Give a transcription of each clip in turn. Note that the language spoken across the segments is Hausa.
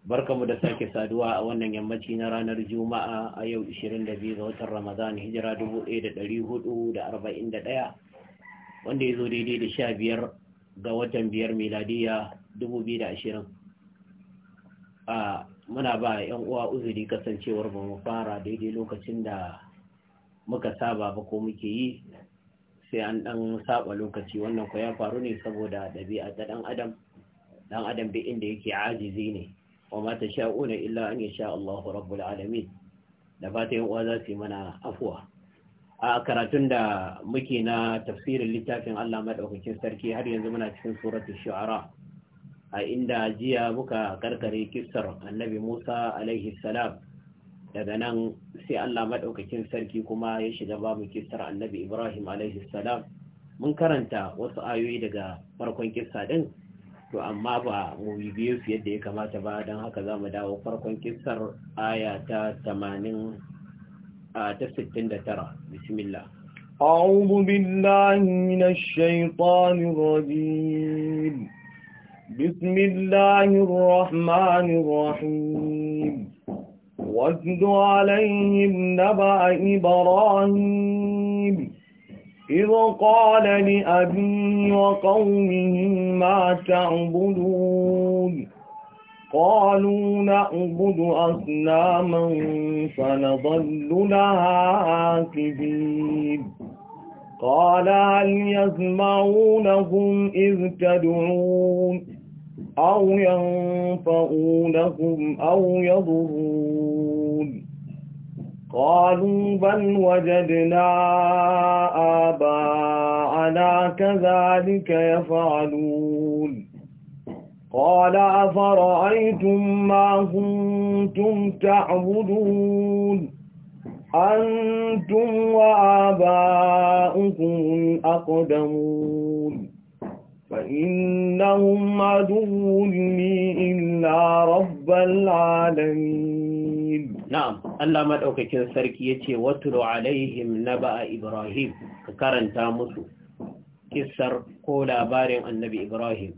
barkamu da sake saduwa a wannan yammaci na ranar juma'a a yau 22 ga watan ramadan hijira 1441 wanda ya zo daidai da 15 ga watan biyar miladiya 2020 a muna ba yan uwa uzuri kasancewar ba mu fara daidai lokacin da muka saba ba ko muke yi sai an dan saba lokaci wannan ku ya faru ne saboda ɗabi'a ta dan adam dan adam duk inda yake ajizi ne wa ma tasha'una illa an ya sha'Allahu rabbul alamin da fata yan uwa za su yi mana afuwa a karatun da muke na tafsirin littafin Allah maɗaukakin sarki har yanzu muna cikin suratul shu'ara a inda jiya muka karkare kistar annabi Musa alaihi salam daga nan sai Allah maɗaukakin sarki kuma ya shiga babu kisar annabi Ibrahim alaihi salam mun karanta wasu ayoyi daga farkon kisa din to amma ba mu bibiye su yadda ya kamata ba don haka za mu dawo farkon kisar aya ta 80 ta 69 bismillah أعوذ بالله من الشيطان الرجيم بسم الله الرحمن الرحيم واتد عليهم نبأ إبراهيم إذ قال لأبي وقومه ما تعبدون قالوا نعبد أصناما فنظل لها عاكفين قال هل يسمعونهم إذ تدعون أو ينفعونهم أو يضرون قالوا بل وجدنا آباءنا كذلك يفعلون قال أفرأيتم ما كنتم تعبدون أنتم وآباؤكم الأقدمون فإنهم عدو لي إلا رب العالمين نعم الله ما دوكاكين sarki yace watlu alaihim ba'a ibrahim ka karanta musu kissar ko labarin annabi ibrahim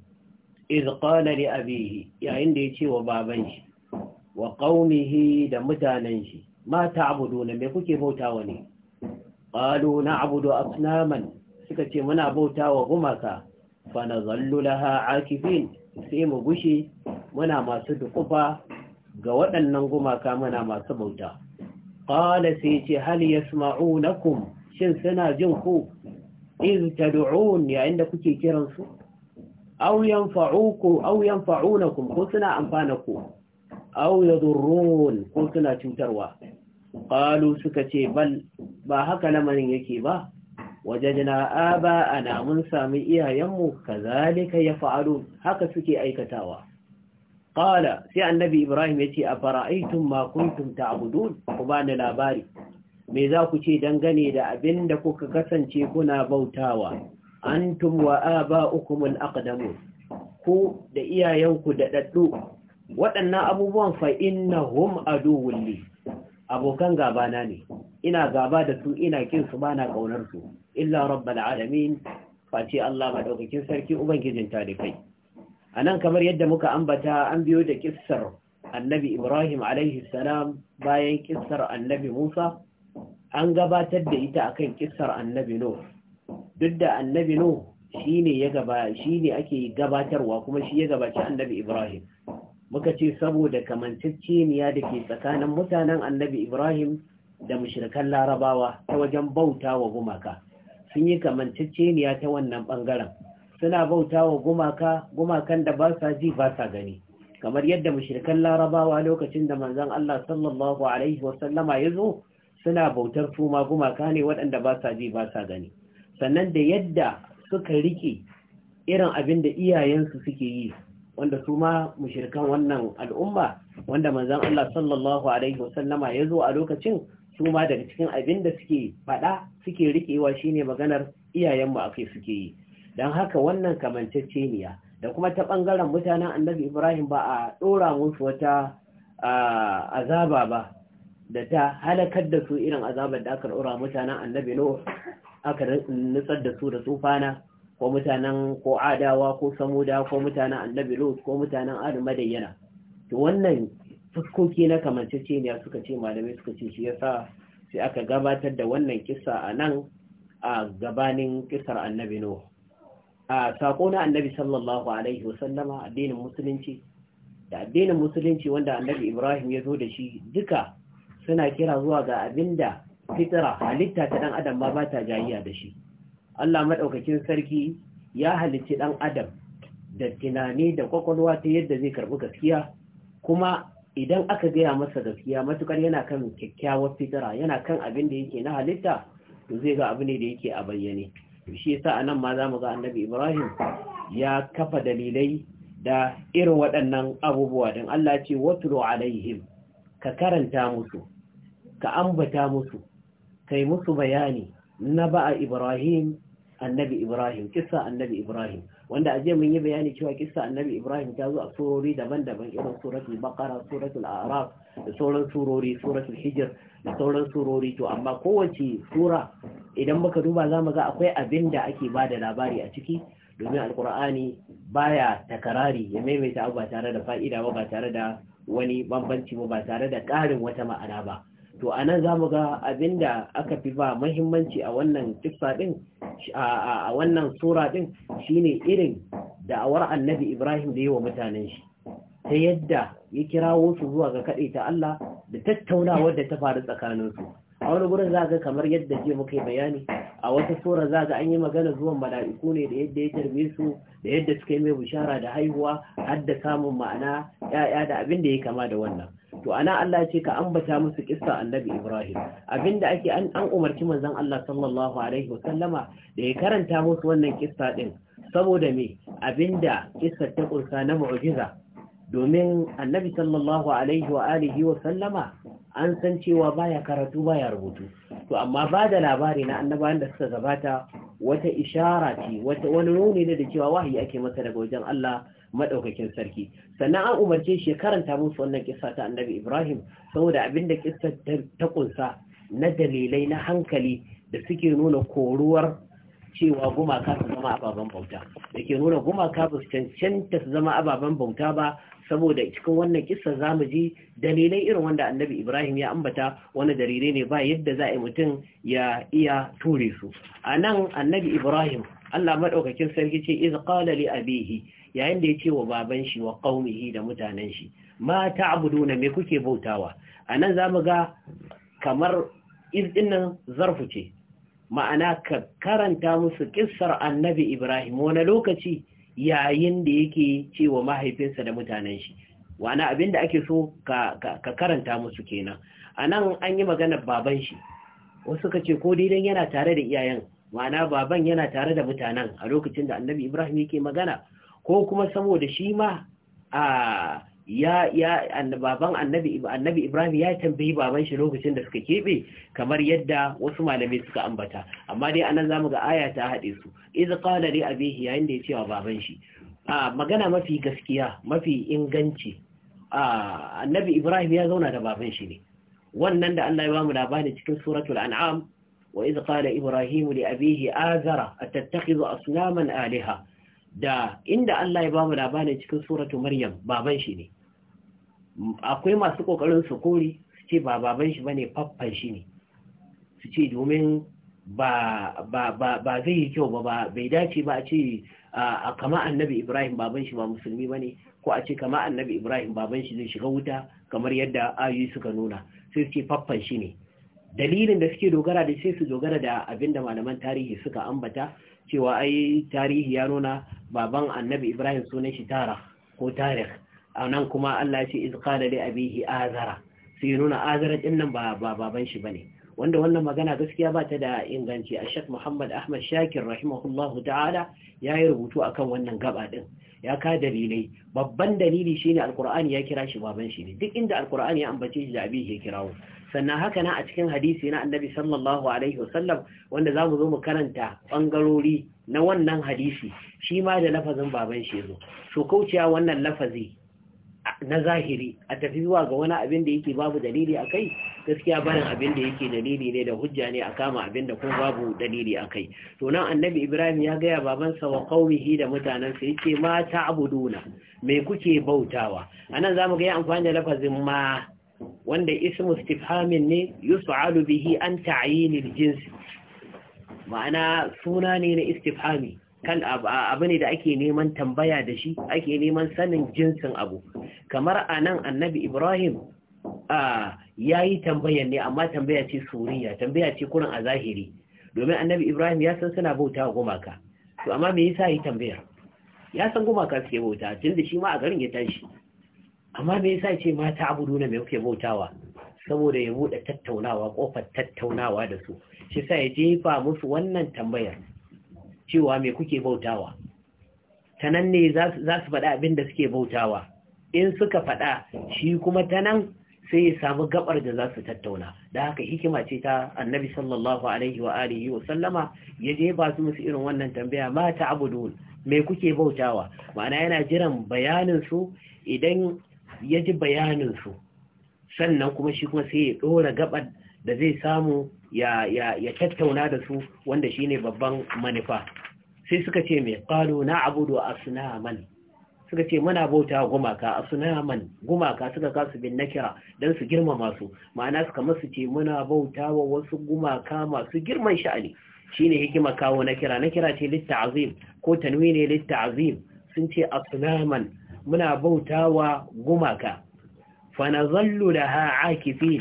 iz qala li abihi yayin da yace wa baban shi wa qaumihi da mutanen shi ma ta'buduna me kuke bautawa ne qalu na'budu asnaman suka ce muna bautawa gumaka fa nazallu laha akifin sai mu gushe muna masu dukufa ga waɗannan gumaka muna masu bauta qala sai ce hal yasma'unakum shin suna jin ku iz tad'un yayin da kuke kiransu. su aw na aw ko suna amfana ku aw yadurrun ko suna cutarwa qalu suka ce bal ba haka lamarin yake ba aba ana mun sami iyayenmu kazalika yaf'alun haka suke aikatawa Ƙala, sai annabi ibrahim ya ce a fara'aitun makuntun ta ta'budun ku bani labari me za ku ce dangane da abin da kuka kasance kuna bautawa antum wa aba'ukum al Akadamu. ku da iyayenku da daddu waɗannan abubuwan na hum a li abokan gabana ne ina gaba da su ina kin su bana ƙaunarsu su illa rabbal alamin face Allah madaukakin sarki ubangijin talibai anan kamar yadda muka ambata an biyo da kissar annabi Ibrahim alaihi salam bayan kissar annabi Musa an gabatar da ita akan kissar annabi Nuh duk da annabi Nuh shine ya gaba shine ake gabatarwa kuma shi ya gabaci annabi Ibrahim muka ce saboda kamanceceniya da ke tsakanin mutanen annabi Ibrahim da mushrikan Larabawa ta wajen bauta wa gumaka sun yi kamanceceniya ta wannan bangaren suna bauta wa gumaka gumakan da ba sa ji ba sa gani kamar yadda mushrikan larabawa lokacin da manzon Allah sallallahu alaihi wasallama ya zo suna bautar suma gumaka ne waɗanda ba sa ji ba sa gani sannan da yadda suka rike irin abin da iyayensu suke yi wanda su ma mushrikan wannan al'umma wanda manzon Allah sallallahu alaihi wasallama ya zo a lokacin su ma daga cikin abin da suke faɗa suke rikewa, shine maganar iyayenmu a kai suke yi don haka wannan kamanceceniya da kuma ta ɓangaren mutanen annabi ibrahim ba a ɗora musu wata azaba ba da ta halakar da su irin azabar da aka ɗora mutanen annabi no aka nutsar da su da tsufana ko mutanen ko adawa ko samuda ko mutanen annabi ko mutanen adamadai yana wannan fuskoki na ne suka ce malamai suka ce shi yasa sai aka gabatar da wannan kisa a nan a gabanin kisar annabi no a sako na annabi sallallahu alaihi wasallama addinin musulunci da addinin musulunci wanda annabi ibrahim ya zo da shi duka suna kira zuwa ga abinda fitira halitta ta dan adam ma ba ta jayiya da shi Allah madaukakin sarki ya halicci dan adam da tunani da kwakwalwa ta yadda zai karbi gaskiya kuma idan aka gaya masa gaskiya matukar yana kan kyakkyawar fitara, yana kan abin da yake na halitta to zai ga abu ne da yake a bayyane shi yasa anan ma zamu ga annabi Ibrahim ya kafa dalilai da irin waɗannan abubuwa don Allah ce watulu alaihim ka karanta musu ka ambata musu kai musu bayani na ba'a Ibrahim annabi Ibrahim kissa annabi Ibrahim wanda a jiya mun yi bayani cewa kissa annabi ibrahim ta zo a surori daban-daban irin suratul baqara suratul araf da sauran surori suratul hijr da sauran surori to amma kowace sura idan muka duba zamu ga akwai abin da ake bada labari a ciki domin alkur'ani baya takarari ya maimaita abu ba tare da fa'ida ba ba tare da wani bambanci ba ba tare da ƙarin wata ma'ana ba to a nan za mu ga abinda aka fi ba mahimmanci a wannan kissa din a wannan sura din shine irin da'awar annabi ibrahim da yi wa mutanen shi ta yadda ya kirawo su zuwa ga kaɗe ta Allah da tattaunawar da ta faru tsakaninsu a wani gurin za ga kamar yadda jiya muka bayani a wata sura za ga an yi magana zuwan mala'iku ne da yadda ya tarbe su da yadda suka yi mai bishara da haihuwa har da samun ma'ana ya'ya da abin da ya kama da wannan to ana Allah ce ka ambata musu kissa annabi Ibrahim abinda ake an an umarci manzon Allah sallallahu alaihi wasallama da ya karanta musu wannan kissa din saboda me abinda kissa ta kursa na mu'jiza domin annabi sallallahu alaihi wa alihi wasallama an san cewa baya karatu baya rubutu to amma ba da labari na annabawan da suka gabata wata ishara ce wani nuni ne da cewa wahayi ake masa daga wajen Allah madaukakin sarki sannan an umarce shi karanta musu wannan kissa ta annabi Ibrahim saboda abin da kissa ta ƙunsa na dalilai na hankali da suke nuna koruwar cewa gumaka su zama ababen bauta da ke nuna gumaka ba su cancanta su zama ababen bauta ba saboda cikin wannan kissa za mu ji dalilai irin wanda annabi ibrahim ya ambata wani dalilai ne ba yadda za a yi mutum ya iya ture su a nan annabi ibrahim Allah maɗaukakin sarki ce iz qala li abihi yayin da yace wa baban shi wa qaumihi da mutanen shi ma ta'buduna me kuke bautawa anan zamu ga kamar iz dinnan zarfu ce ma'ana ka karanta musu kissar annabi Ibrahim wani lokaci yayin da yake cewa mahaifinsa da mutanen shi wani abin da ake so ka, karanta musu kenan anan nan an yi maganar baban shi wasu ka ce ko daidan yana tare da iyayen ma'ana baban yana tare da mutanen a lokacin da annabi ibrahim yake magana ko kuma saboda shi ma ya baban annabi ibrahim ya tambayi baban shi lokacin da suka kebe kamar yadda wasu malamai suka ambata amma dai anan zamu ga aya ta haɗe su iz qala li abihi yayin da ya cewa baban shi magana mafi gaskiya mafi inganci annabi ibrahim ya zauna da baban shi ne wannan da Allah ya bamu labari cikin suratul an'am وإذ قال إبراهيم a آذرة أتتخذ أصناما آلهة da inda Allah ya ba mu labarin cikin suratu Maryam baban shi ne akwai masu kokarin su kori su ce ba baban shi bane faffan shi ne su ce domin ba zai yi kyau ba ba bai dace ba a ce a kama annabi Ibrahim baban shi ba musulmi bane ko a ce kama annabi Ibrahim baban shi zai shiga wuta kamar yadda ayoyi suka nuna sai su ce faffan shi ne dalilin da suke dogara da sai su dogara da abinda malaman tarihi suka ambata cewa ai tarihi ya nuna baban annabi ibrahim sunan shi tara ko tarih a nan kuma allah ce izkada da abihi azara yi nuna azara din nan ba baban shi bane wanda wannan magana gaskiya ba ta da inganci a shek muhammad ahmad shakir rahimahullahu ta'ala ya yi rubutu akan wannan gaba din ya ka dalilai babban dalili shine alqur'ani ya kira shi baban shi ne duk inda alqur'ani ya ambace shi da abin ya kirawo sannan haka na a cikin hadisi na annabi sallallahu alaihi wasallam wanda zamu zo mu karanta bangarori na wannan hadisi shi ma da lafazin baban shi zo so kauciya wannan lafazi na zahiri a tafi zuwa ga wani abin da yake babu dalili akai gaskiya barin abin da yake dalili ne da hujja ne a kama abin da kuma babu dalili a kai to nan annabi ibrahim ya gaya babansa wa qaumihi da mutanansa yace ma ta'buduna me kuke bautawa anan zamu ga amfani da lafazin ma wanda ismu istifhamin ne yus'alu bihi an ta'yin al-jins ma'ana suna ne na istifhami kan abu ne da ake neman tambaya da shi ake neman sanin jinsin abu kamar anan annabi ibrahim a yayi tambayar ne amma tambaya ce suriya tambaya ce kurin a zahiri domin annabi Ibrahim ya san suna bauta gumaka to amma me yasa yi tambayar ya san gumaka suke bauta tunda shi ma a garin ya tashi amma me yasa ce mata abuduna me kuke bautawa saboda ya bude tattaunawa kofar tattaunawa da su shi sa ya jefa musu wannan tambayar cewa me kuke bautawa ta nan ne za su faɗa abin da suke bautawa in suka faɗa shi kuma ta nan sai ya samu gabar da za su tattauna da haka hikima ce ta annabi sallallahu alaihi wa alihi wa sallama ya je ba su musu irin wannan tambaya ma ta abudun me kuke bautawa ma'ana yana jiran bayanin su idan ya ji bayanin su sannan kuma shi kuma sai ya dora gabar da zai samu ya tattauna da su wanda shine babban manufa sai suka ce me qalu na abudu asnaman suka ce muna bauta gumaka a sunaman gumaka suka kasu bin nakira don su girmama su ma'ana suka masu ce muna bauta wa wasu gumaka masu girman sha'ani shine hikima kawo nakira nakira ce Litta azim ko tanwi ne litta'azim sun ce a sunaman muna bauta wa gumaka fa da laha kifi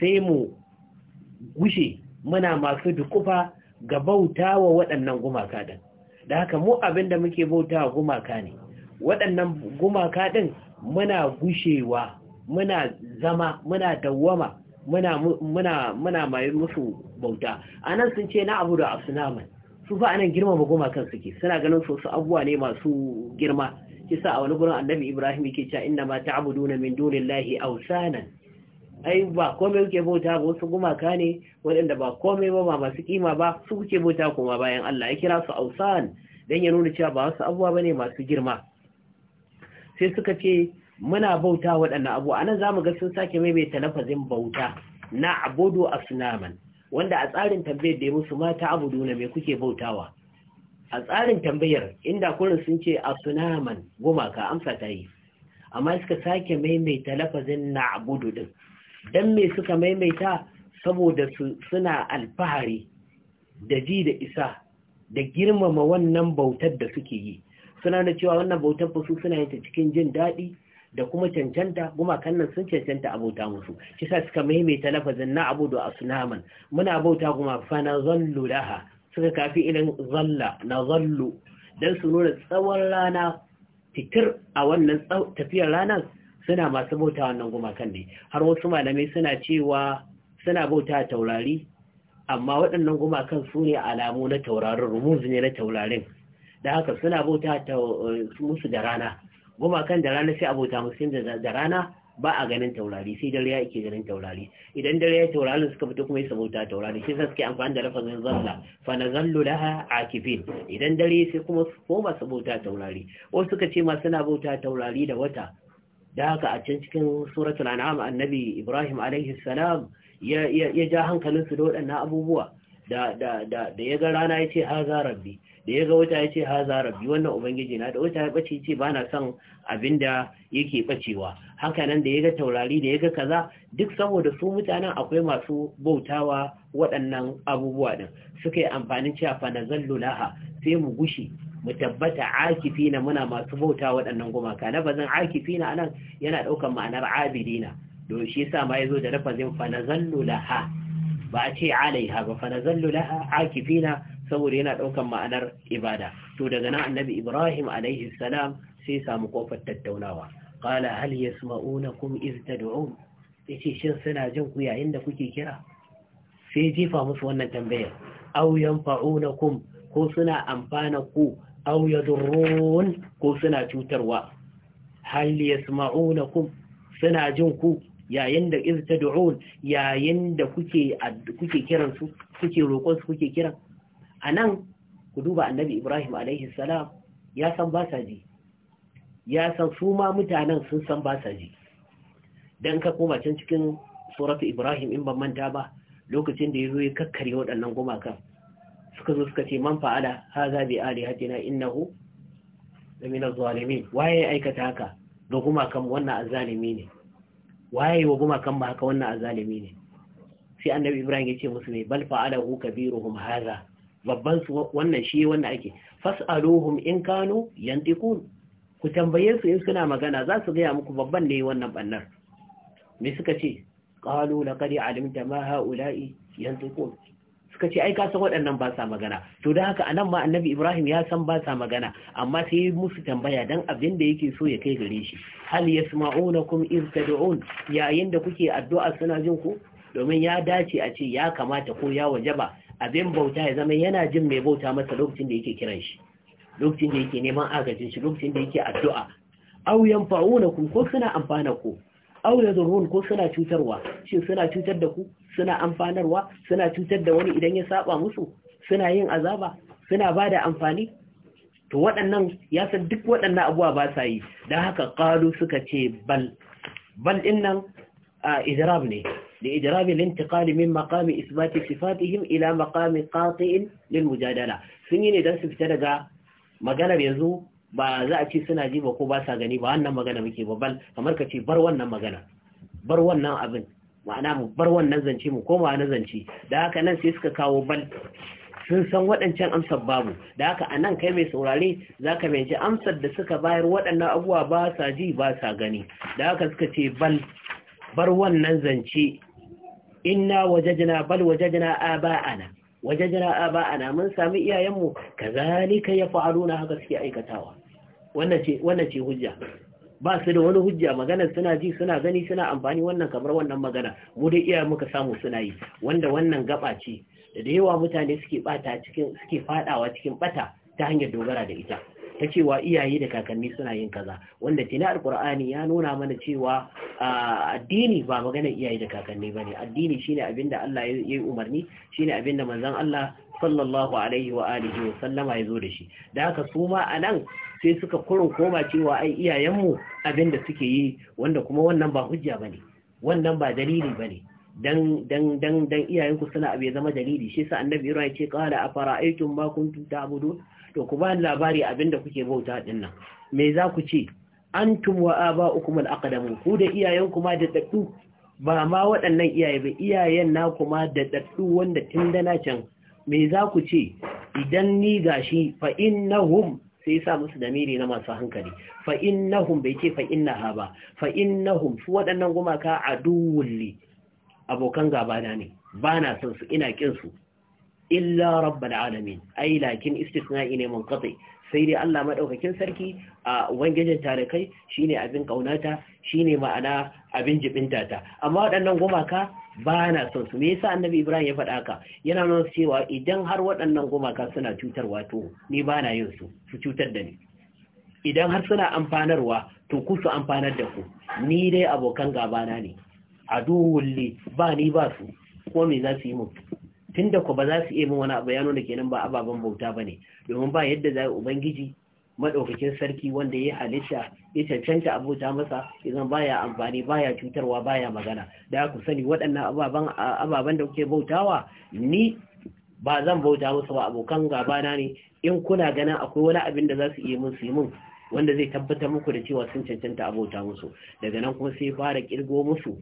sai mu gushe muna masu dukufa ga bauta wa waɗannan gumaka din da haka mu abinda muke bauta wa gumaka ne waɗannan gumaka ɗin muna gushewa muna zama muna dawwama muna muna musu bauta A nan sun ce na abu da sunama su fa anan girmama gumakan suke suna ganin su su abuwa ne masu girma kisa a wani gurin annabi ibrahim yake cewa inna ma ta'buduna min dunillahi awsana ai ba komai kuke bauta ba wasu gumaka ne waɗanda ba komai ba ba masu kima ba su kuke bauta kuma bayan Allah ya kira su ausan dan ya nuna cewa ba wasu abuwa bane masu girma sai suka ce muna bauta waɗannan abu a nan za mu ga sun sake maimaita lafazin bauta na abudu sunaman wanda a tsarin tambayar da ya musu mata abudu na mai kuke bautawa a tsarin tambayar inda kurin sun ce "A goma gumaka amsa ta yi amma suka sake maimaita lafazin na abudu ɗin, don mai suka maimaita saboda suna alfahari da ji da isa da girmama wannan bautar da suke yi suna da cewa wannan bautar fa suna yin ta cikin jin daɗi da kuma cancanta gumakan nan sun cancanta a bauta musu shi sa suka maimaita lafazin na abu da asunaman muna bauta kuma fa na zallu laha suka kafi irin zalla na zallu dan su nuna tsawon rana fitir a wannan tafiyar ranar suna masu bauta wannan gumakan ne har wasu malamai suna cewa suna bauta taurari amma waɗannan gumakan su ne alamu na taurarin rumuzi ne na taurarin da haka suna bauta ta eh, musu da rana gumakan da rana sai abota musu da rana ba a ganin taurari sai dare ya ke ganin taurari idan dare ya taurarin suka fito kuma ya sabota taurari sai suke amfani da zan zalla fa na nazallu laha akifin idan dare sai kuma su koma sabota taurari wasu suka ce ma suna bauta taurari da wata da haka a can cikin suratul an'am annabi ibrahim alaihi ya ja hankalin da waɗannan abubuwa da ya ga rana ya ce "Ha za rabbi da ya ga wata ya ce "Ha za rabbi wannan ubangiji na da wata ya bace ce ba na son abin da yake bacewa haka nan da ya ga taurari da ya ga kaza duk saboda su mutanen akwai masu bautawa waɗannan abubuwa ɗin suka yi amfanin cewa fa laha sai mu gushi mu tabbata akifina muna masu bauta waɗannan gumaka na bazan akifina anan yana ɗaukar ma'anar abidina don shi yasa ma ya zo da lafazin fa laha ba a ce alaiha ba fa nazallu laha akifina saboda yana daukan ma'anar ibada to daga nan annabi Ibrahim alaihi salam sai samu kofar tattaunawa qala hal yasma'unakum iz tad'un yace shin suna jin ku yayin da kuke kira sai jifa musu wannan tambayar aw yanfa'unakum ko suna amfana ku aw yadurrun ko suna cutarwa hal yasma'unakum suna jin ku yayin da iz du'un yayin da kuke kuke kiran su kuke roƙon su kuke kiran anan ku duba annabi Ibrahim alaihi salam ya san ba sa ji ya san su ma mutanen sun san ba sa ji dan ka koma can cikin suratu Ibrahim in ban manta ba lokacin da yazo ya kakkare waɗannan gumakan suka zo suka ce man fa'ala haza bi alihatina innahu lamina zalimin waye aikata haka da gumakan wannan azzalimi ne waye wa gumakan ba haka wannan azalimi ne sai annabi ibrahim ya ce musu ne bal fa'alahu kabiruhum hadha babban su wannan shi wannan ake fas'aluhum in kanu yantiqun ku tambaye su in suna magana za su gaya muku babban ne wannan bannar me suka ce qalu laqad alimta ma ha'ula'i yantiqun suka ce ai ka san waɗannan ba sa magana to da haka anan ma annabi Ibrahim ya san ba sa magana amma sai musu tambaya dan abin da yake so ya kai gare shi hal irta da on yayin da kuke addu'a suna jin ku domin ya dace a ce ya kamata ko ya waje ba abin bauta ya zama yana jin mai bauta masa lokacin da yake kiran shi lokacin da yake neman agajin shi lokacin da yake addu'a aw yanfa'unakum ko suna amfana ku aure zurhun ko suna cutarwa shi suna cutar da ku suna amfanarwa suna cutar da wani idan ya saba musu suna yin azaba suna ba da amfani to waɗannan ya san duk waɗannan abuwa ba sa yi don haka ƙalu suka ce bal bal ɗin nan a idrab ne da idrabi min maqami isbati sifatihim ila maqami qati'in lil mujadala sun yi ne don su fita daga maganar yanzu ba za a ce suna ji ba ko ba sa gani ba wannan magana muke bal. kamar ka ce bar wannan magana bar wannan abin ma'ana mu bar wannan zance mu koma na zance da haka nan sai suka kawo bal sun san waɗancan amsar babu da haka a nan kai mai saurare za ka mai ji amsar da suka bayar waɗannan abuwa ba sa ji ba sa gani da haka suka ce bal bar wannan zance inna wajajina bal wajajina aba'ana wajajina aba'ana mun sami iyayenmu kazalika yaf'aluna haka suke aikatawa wannan ce hujja ba su da wani hujja magana suna ji suna gani suna amfani wannan kamar wannan magana mu dai iya muka samu suna yi wanda wannan gaba ce da da yawa mutane suke bata cikin suke fadawa cikin bata ta hanyar dogara da ita ta cewa iyaye da kakanni suna yin kaza wanda tina Kur'ani ya nuna mana cewa addini ba maganar iyaye da kakanni ba ne. addini shine abinda Allah ya yi umarni shine abinda manzon Allah sallallahu alaihi wa alihi wa sallama ya zo da shi da haka su ma anan sai suka kurin koma cewa ai iyayenmu abin da suke yi wanda kuma wannan ba hujja ba ne wannan ba dalili ba ne dan dan dan iyayenku suna abu zama dalili shi sa annabi ibrahim ce qala afara'aytum ma kuntum ta'budun to ku ba labari abin da kuke bauta din nan me za ku ce antum wa aba'ukum al akadamu ku da iyayenku ma da daddu ba ma waɗannan iyaye ba iyayen na kuma da daddu wanda tun dana can me za ku ce idan ni gashi fa innahum sai sa musu damiri na masu hankali fa innahum bai ce fa innaha ba fa innahum su waɗannan gumaka aduwulli abokan gaba na ne ba na son su ina kin su illa rabbul alamin ai lakin istisna'i ne munqati sai dai Allah madaukakin sarki a wangejin kai shine abin kaunata shine ma'ana abin jibinta ta amma waɗannan gumaka ba na son su me yasa annabi ibrahim ya faɗa haka yana nuna cewa idan har waɗannan gumaka suna cutarwa to ni ba na yin su su cutar da ni idan har suna amfanarwa to ku su amfanar da ku ni dai abokan gabana ne a duwulle ba ni ba su ko me za su yi mun tunda ku ba za su iya min wani abu ya nuna kenan ba ababen bauta bane domin ba yadda za ubangiji madaukakin sarki wanda ya halitta ya cancanta abota masa idan baya amfani baya cutarwa baya magana da ku sani waɗannan ababen ababen da kuke bautawa ni ba zan bauta musu ba abokan gaba na ne in kuna ganin akwai wani abin da za su iya mun yi mun wanda zai tabbatar muku da cewa sun cancanta abota musu daga nan kuma sai fara kirgo musu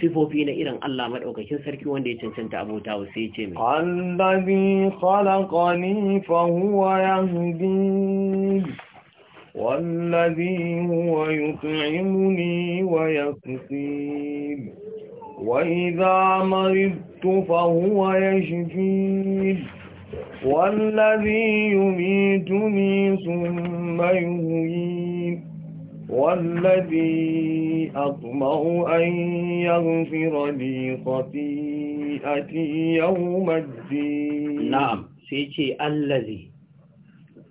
sifofi na irin Allah madaukakin sarki wanda ya cancanta abota wa sai ce mai allazi khalaqani fa huwa yahdi wallazi huwa yut'imuni wa yasqini wa idha maridtu fa huwa yashfi والذي يميتني ثم يهين والذي أطمع أن يغفر لي خطيئتي يوم الدين نعم سيتي الذي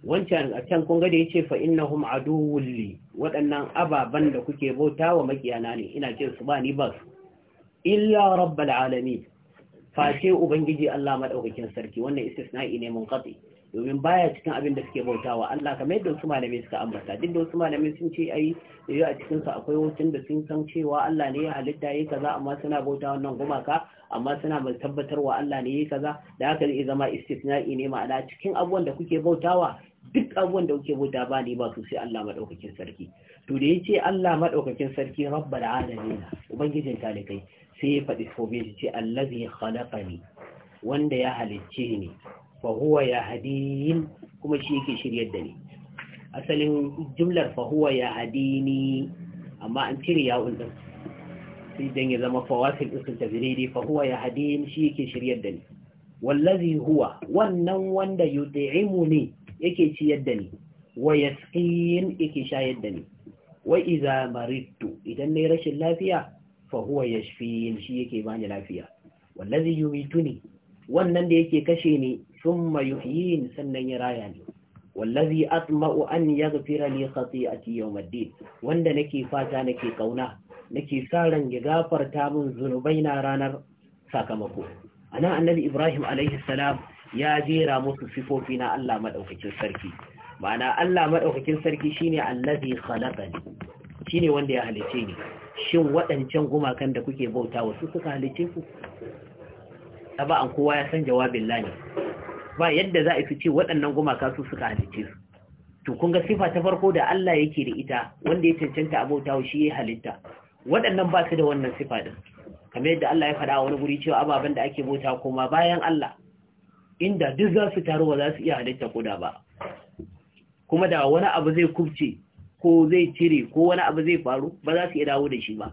wancan a can kun gada yace fa innahum aduwwul li wadannan ababan da kuke bauta wa makiyana ne ina ce su ba ni ba illa rabbul alamin face ubangiji Allah madaukakin sarki wannan istisna'i ne munqati domin baya cikin abin da suke bautawa Allah kamar yadda su malamai suka ambata duk da su malamai sun ce ai yayi a cikin su akwai wucin da sun san cewa Allah ne ya halitta yayi kaza amma suna bauta wannan gumaka amma suna mai tabbatarwa Allah ne yayi kaza da haka zai zama istisna'i ne ma'ana cikin abubuwan da kuke bautawa duk abubuwan da kuke bauta ba ne ba su sai Allah madaukakin sarki to da yace Allah madaukakin sarki rabbul alamin ubangijin talikai sai ya faɗi fobe shi ce allazi khalaqani wanda ya halicce ni fa huwa yahdin kuma shi yake shiryar da ni asalin jumlar fa huwa yahdini amma an cire ya'un din sai dan ya zama fawasil usul tajridi fa huwa yahdin shi yake shiryar da ni wallazi huwa wannan wanda yut'imuni yake ciyar yadda ni wa yasqin yake sha yadda ni wa idza maridtu idan nayi rashin lafiya fa huwa yashfin shi yake bani lafiya wallazi yumituni wannan da yake kashe ni thumma yuhyin sannan ya raya ni wallazi atma'u an yaghfira li khati'ati yawmiddin wanda nake fata nake kauna nake sa ran ya gafarta min zunubai na ranar sakamako ana annabi Ibrahim alaihi salam ya jera musu sifofi na Allah madaukakin sarki ma'ana Allah madaukakin sarki shine allazi khalaqani shine wanda ya halice ni shin waɗancan gumakan da kuke bauta wasu suka halice ku an kowa ya san jawabin lani ba yadda za a fi ce waɗannan gumaka su suka halice su to kun ga sifa ta farko da Allah yake da ita wanda ya cancanta a bauta shi ya halitta waɗannan ba su da wannan sifa din kamar yadda Allah ya faɗa wani guri cewa ababen da ake bauta kuma bayan Allah inda duk za su taru ba za su iya halitta da ba kuma da wani abu zai kubce ko zai cire ko wani abu zai faru ba za su iya dawo da shi ba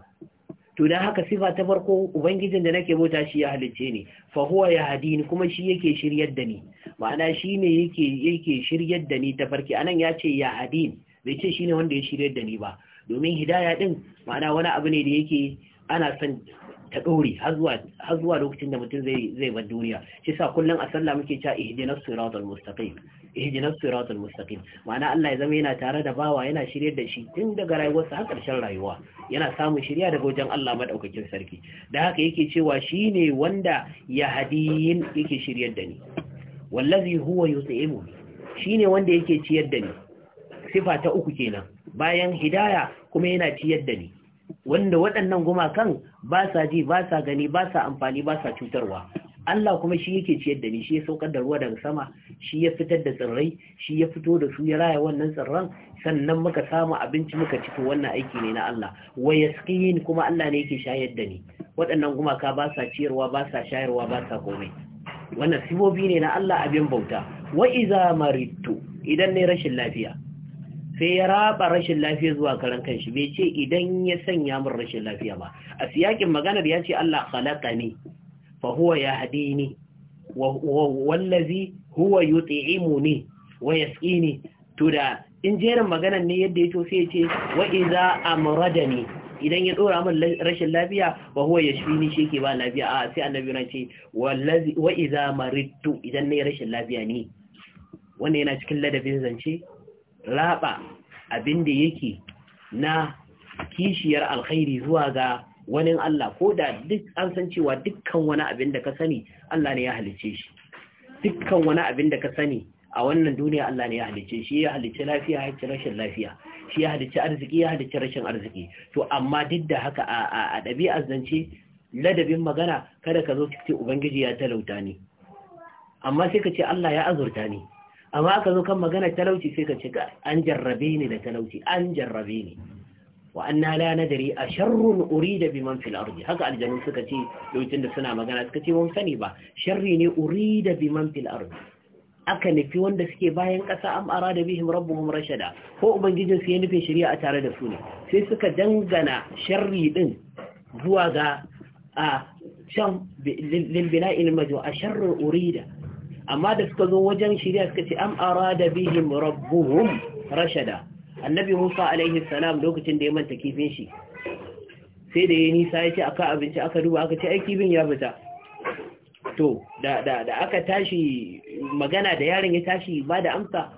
to dan haka sifa ta farko ubangijin da nake bauta shi ya halicce ni fa huwa yahdini kuma shi yake shiryar da ni ma'ana ne yake yake shiryar da ni ta farki anan ya ce yahdin bai ce shine wanda ya shiryar da ni ba domin hidaya din ma'ana wani abu ne da yake ana san ta dore har zuwa lokacin da mutum zai bar duniya shi sa kullun a sallah muke cewa ihdinas siratal mustaqim ihdina siratal mustaqim ma'ana Allah ya zama yana tare da bawa yana shiryar da shi tun daga rayuwarsa har karshen rayuwa yana samun shirya daga wajen Allah madaukakin sarki da haka yake cewa shine wanda ya hadiyin yake shiryar da ni wallazi huwa yusaimu shine wanda yake ciyar da ni sifa ta uku kenan bayan hidaya kuma yana ciyar da ni wanda waɗannan gumakan ba sa ji ba sa gani ba sa amfani ba sa cutarwa Allah kuma shi yake ciyar da ni shi ya saukar da ruwa daga sama shi ya fitar da tsirrai shi ya fito da su ya raya wannan tsirran sannan muka samu abinci muka ci to wannan aiki ne na Allah wa yasqin kuma Allah ne yake shayar da ni waɗannan gumaka ba sa ciyarwa ba sa shayarwa ba sa komai wannan sibobi ne na Allah abin bauta wa iza maritu idan ne rashin lafiya sai ya raba rashin lafiya zuwa karan kanshi bai ce idan ya sanya min rashin lafiya ba a siyakin maganar ya ce Allah khalaqani fa huwa yahdini wa wallazi huwa yut'imuni wa ne. to da in jerin maganan ne yadda yato sai ya ce wa idza amradani idan ya dora min rashin lafiya wa huwa yashfini shi ke ba lafiya a sai annabi yana ce wallazi wa idza maridtu idan ne rashin lafiya ne wannan yana cikin ladabin zance raba abin da yake na kishiyar alkhairi zuwa ga wani Allah ko da duk an san cewa dukkan wani abin da ka sani Allah ne ya halice shi dukkan wani abin da ka sani a wannan duniya Allah ne ya halice shi ya halice lafiya ya halice rashin lafiya shi ya halice arziki ya halice rashin arziki to amma duk da haka a ɗabi'ar zance ladabin magana kada ka zo cikin ubangiji ya talauta ni amma sai ka ce Allah ya azurta ni amma aka zo kan magana talauci sai ka ce an jarrabe ni da talauci an jarrabe ni wa anna la nadri asharrun urida biman fil'arji haka aljanun suka ce lokacin da suna magana suka ce mun sani ba sharri ne da biman fil'arji aka nufi wanda suke bayan ƙasa am da bihim rabbuhum rashada ko ubangijin su ya nufin shari'a a tare da su ne sai suka dangana sharri din zuwa ga a can lil a majwa uri urida amma da suka zo wajen shari'a suka ce am da bihim rabbuhum rashada annabi musa alaihi salam lokacin da ya manta kifin shi sai da ya nisa ya ce aka abinci aka duba aka ce aiki bin ya fita to da aka tashi magana da yaron ya tashi ba da amsa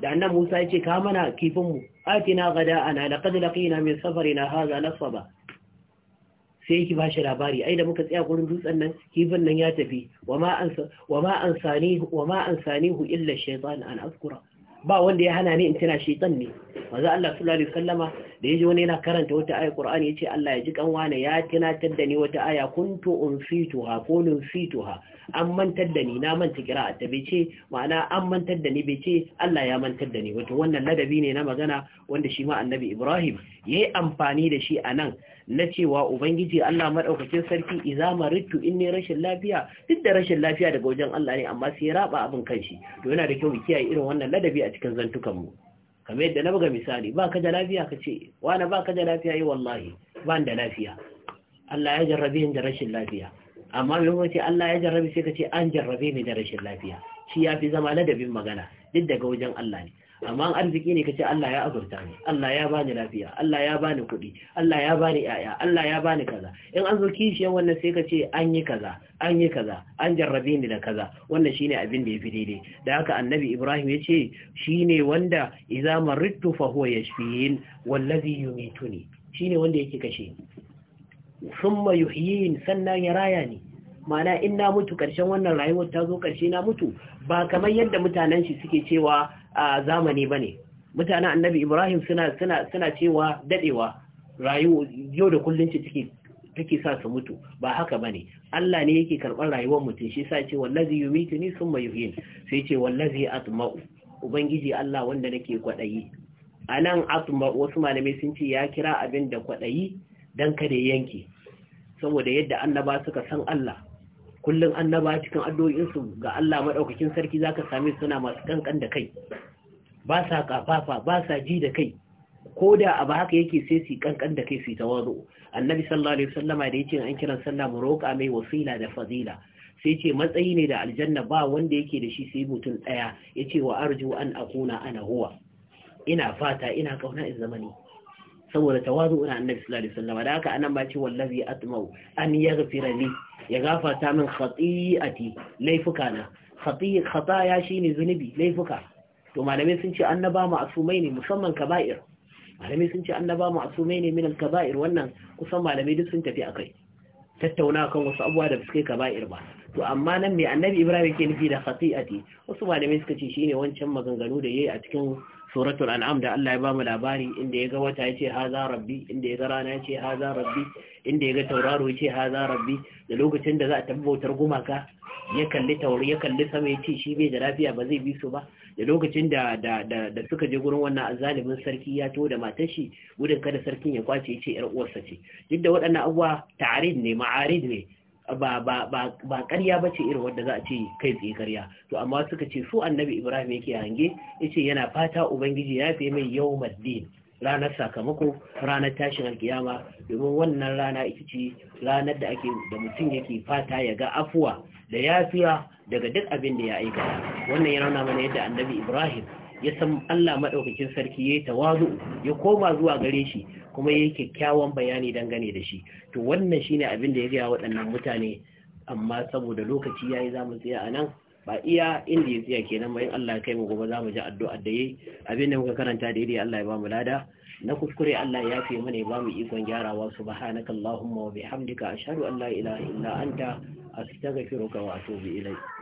da annan musa ya ce ka mana kifinmu atina gada ana laqad kada min safarina safari na haza na saba sai ki ba shi labari ai da muka tsaya gurin dutsen nan kifin nan ya tafi wa ma ma sanihu illa shaitan an azkura ba wanda ya hana ni in tana shaitan ne manzo Allah sallallahu alaihi wasallama da yaji wani yana karanta wata aya ya yace Allah ya ji kan wani ya tunatar da ni wata aya kuntu unfituha kunun fituha an mantar da ni na manta kira'a ta bai ce ma'ana an mantar da ni bai ce Allah ya mantar da ni wannan ladabi ne na magana wanda shi ma Annabi Ibrahim yayi amfani da shi nan. na cewa ubangiji Allah madaukakin sarki idza maridtu inni rashin lafiya duk da rashin lafiya daga wajen Allah ne amma sai raba abin kanshi to yana da kyau mu kiyaye irin wannan ladabi a cikin zantukan mu kamar yadda na buga misali ba ka da lafiya ka ce wani ba ka da lafiya yi eh, wallahi ba da lafiya Allah ya jarrabe ni da rashin lafiya amma mai mace Allah ya jarrabe sai ka ce an jarrabe ni da rashin lafiya shi ya fi zama ladabin magana duk daga wajen Allah ne amma arziki ne kace Allah ya azurta ni Allah ya bani lafiya Allah ya bani kuɗi Allah ya bani yaya Allah ya bani kaza in an zo kishiyan wannan sai kace an yi kaza an yi kaza an jarrabe ni da kaza wannan shine abin da yafi daidai da haka annabi Ibrahim yace shine wanda idza marittu fa huwa yashfiin wallazi yumituni shine wanda yake kashe ni thumma yuhyin sannan ya raya ni ma'ana in na mutu karshen wannan rayuwar tazo, zo ƙarshe na mutu ba kamar yadda mutanen shi suke cewa A zamani ba ne. mutanen annabi ibrahim suna cewa dadewa rayu yau da kullun ce take take sa su mutu ba haka bane Allah ne yake karban rayuwar mutum shi sa ce wallazi sun thumma yuhyin sai ce wallazi atma'u ubangiji Allah wanda nake kwadayi anan atma'u wasu malamai sun ce ya kira abin da kwaɗayi dan kada yanki. saboda yadda annaba suka san Allah kullum annaba cikin addu'o'insu ga Allah madaukakin sarki zaka sami suna masu kankan da kai ba sa kafafa ba sa ji da kai ko da ba haka yake sai su kankan da kai su tawazu annabi sallallahu alaihi wasallama da yace an kiran sallah muroka mai wasila da fazila sai ce matsayi ne da aljanna ba wanda yake da shi sai mutum ɗaya yace ce wa arju an akuna ana huwa ina fata ina kauna in zamani saboda tawazu na annabi sallallahu alaihi wasallam da haka anan ba ce wallazi atmau an yaghfira li ya gafarta min khati'ati laifuka na khati khataya shine zunubi laifuka to malamai sun ce annaba ma'asumai ne musamman kaba'ir malamai sun ce annaba ma'asumai ne min al-kaba'ir wannan kusan malamai duk sun tafi akai tattauna kan wasu abuwa da suke kaba'ir ba to amma nan ne annabi ibrahim ke nufi da khati'ati wasu malamai suka ce shine wancan maganganu da yayi a cikin suratul an'am da Allah ya ba mu labari inda ya ga wata yace haza rabbi inda ya ga rana yace haza rabbi inda ya ga tauraro yace haza rabbi da lokacin da za a tabbatar gumaka ya kalli tauri ya kalli sama yace shi bai da lafiya ba zai bi su ba da lokacin da da suka je gurin wannan azalimin sarki ya to da matar shi gudun kada sarkin ya kwace yace yar uwarsa ce duk da waɗannan abuwa ta'arid ne ma'arid ne ba ba ba ba ƙarya bace irin wanda za a ce kai tsaye ƙarya to amma suka ce su annabi Ibrahim yake hange yace yana fata ubangiji ya fi mai yawmaddin ranar sakamako ranar tashin alkiyama domin wannan rana ita ce ranar da ake da mutum yake fata ya ga afuwa da yafiya daga duk abin da ya aikata wannan ya nuna mana yadda annabi Ibrahim ya san Allah maɗaukakin sarki ya yi tawazu ya koma zuwa gare shi kuma ya yi kyakkyawan bayani dangane da shi to wannan shi ne abin da ya gaya waɗannan mutane amma saboda lokaci ya yi yayi zamu tsaya nan, ba iya inda ya tsaya kenan bayan Allah kai mu gobe za mu ji addu'a da yayi abin da muka karanta da yayi Allah ya ba mu lada na kuskure Allah ya fi mana ya ba mu ikon gyarawa subhanakallahumma wa bihamdika ashhadu an la ilaha illa anta astaghfiruka wa atubu ilayk